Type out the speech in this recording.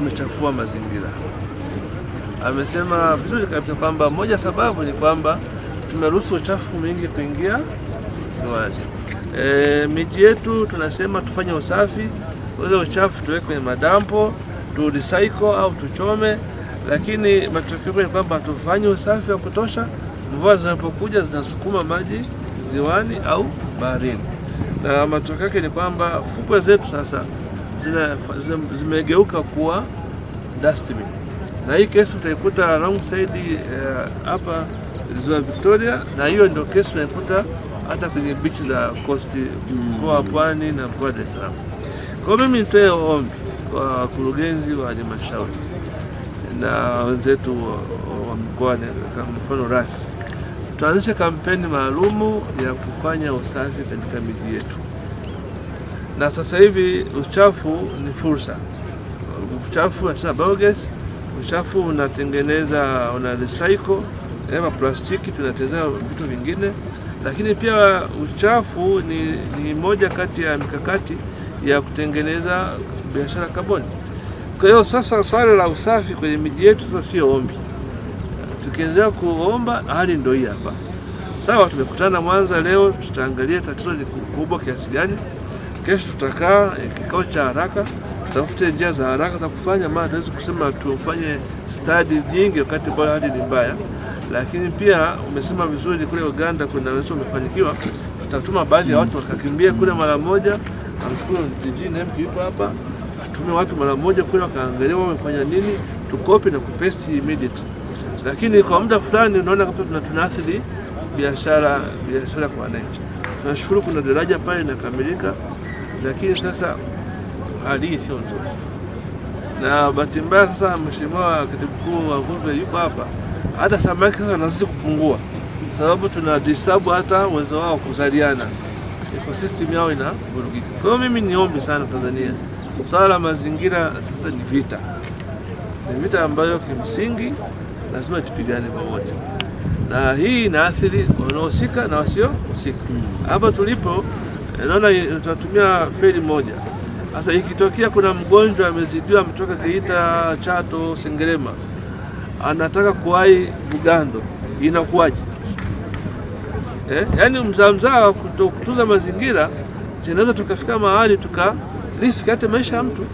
tumechafua mazingira. Amesema vizuri kabisa kwamba moja sababu ni kwamba tumeruhusu uchafu mwingi kuingia ziwani. E, miji yetu tunasema tufanye usafi, ule uchafu tuweke kwenye madampo tu recycle au tuchome, lakini matokeo ni kwamba tufanye usafi wa kutosha. Mvua zinapokuja zinasukuma maji ziwani au baharini, na matokeo yake ni kwamba fukwe zetu sasa zimegeuka kuwa dustbin, na hii kesi utaikuta long side eh, hapa uh, ziwa Victoria, na hiyo ndio kesi unaikuta hata kwenye bichi za coast mkoa Pwani na mkoa wa Dar es Salaam. Kwa mimi nitoe ombi kwa wakurugenzi wa halmashauri na wenzetu wa mkoa kama mfano rasi tuanzishe kampeni maalumu ya kufanya usafi katika miji yetu na sasa hivi uchafu ni fursa. Uchafu unatengeneza biogas, uchafu unatengeneza una recycle ama eh, plastiki, tunatengeneza vitu vingine, lakini pia uchafu ni, ni moja kati ya mikakati ya kutengeneza biashara kaboni. Kwa hiyo sasa swala la usafi kwenye miji yetu sasa sio ombi, tukiendelea kuomba hali ndio hii hapa. Sawa, tumekutana Mwanza leo, tutaangalia tatizo ni kubwa kiasi gani. Kesho tutakaa eh, kikao cha haraka, tutafute njia za haraka za kufanya, maana tuwezi kusema tufanye stadi nyingi wakati ambayo hali ni mbaya. Lakini pia umesema vizuri, kule Uganda kuna wezo umefanikiwa, tutatuma baadhi ya watu wakakimbia kule mara moja. Namshukuru jijini MK yuko hapa, tutume watu mara moja kule wakaangalia wamefanya nini, tukopi na kupesti immediate. Lakini kwa muda fulani unaona kabisa tunaathiri biashara biashara kwa wananchi. Tunashukuru kuna daraja pale inakamilika lakini sasa hali hii sio nzuri, na bahati mbaya sasa mheshimiwa katibu mkuu wa VUMBE yuko hapa, hata samaki sasa wanazidi kupungua, sababu tuna disabu hata uwezo wao kuzaliana, ecosystem yao inavurugika. Kwa hiyo mimi niombe sana Tanzania, swala la mazingira sasa ni vita, ni vita ambayo kimsingi lazima tupigane pamoja, na hii inaathiri wanaohusika na wasiohusika. Hapa tulipo Eh, naona tutatumia feri moja. Sasa ikitokea kuna mgonjwa amezidiwa, ametoka Geita, Chato, Sengerema, anataka kuwahi Bugando, inakuwaje? Eh, yaani mzaamzaa wa kutunza mazingira tunaweza tukafika mahali tuka riski hata maisha ya mtu.